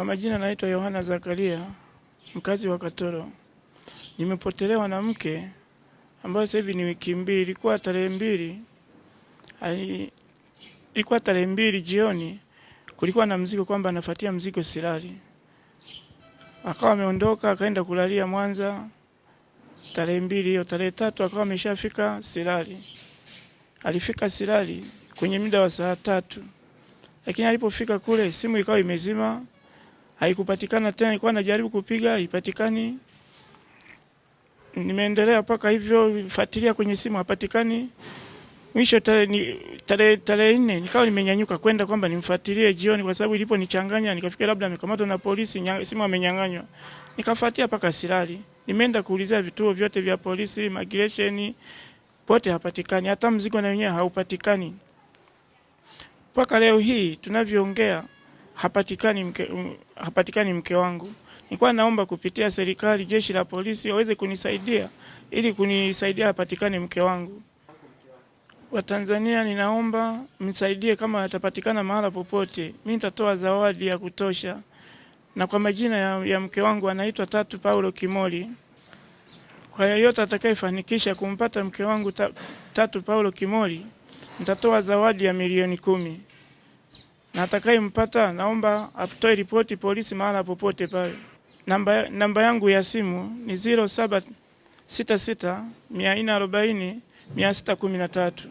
Kwa majina naitwa Yohana Zakaria, mkazi wa Katoro. Nimepotelewa na mke ambayo sasa hivi ni wiki mbili, ilikuwa tarehe mbili, ali ilikuwa tarehe mbili jioni, kulikuwa na mzigo kwamba anafuatia mzigo silali, akawa ameondoka akaenda kulalia Mwanza tarehe mbili hiyo. Tarehe tatu akawa ameshafika Silali. Alifika Silali kwenye muda wa saa tatu, lakini alipofika kule simu ikawa imezima, haikupatikana tena, ilikuwa najaribu kupiga haipatikani. Nimeendelea mpaka hivyo, fuatilia kwenye simu hapatikani. Mwisho tarehe tare, nne nikawa nimenyanyuka kwenda kwamba nimfuatilie jioni, kwa sababu ilipo nichanganya nikafikia labda amekamatwa na polisi, simu amenyang'anywa. Nikafuatia mpaka Silali, nimeenda kuulizia vituo vyote vya polisi, migration, pote hapatikani, hata mzigo na wenyewe haupatikani mpaka leo hii tunavyoongea hapatikani mke, um, hapatikani mke wangu. Nilikuwa naomba kupitia serikali, jeshi la polisi waweze kunisaidia ili kunisaidia hapatikani mke wangu. Watanzania, ninaomba msaidie kama atapatikana mahala popote, mi nitatoa zawadi ya kutosha. Na kwa majina ya, ya mke wangu anaitwa Tatu Paulo Kimoli. Kwa yeyote atakayefanikisha kumpata mke wangu ta, Tatu Paulo Kimoli, nitatoa zawadi ya milioni kumi na atakayempata naomba atoe ripoti polisi mahala popote pale. Namba, namba yangu ya simu ni 0766 440 613.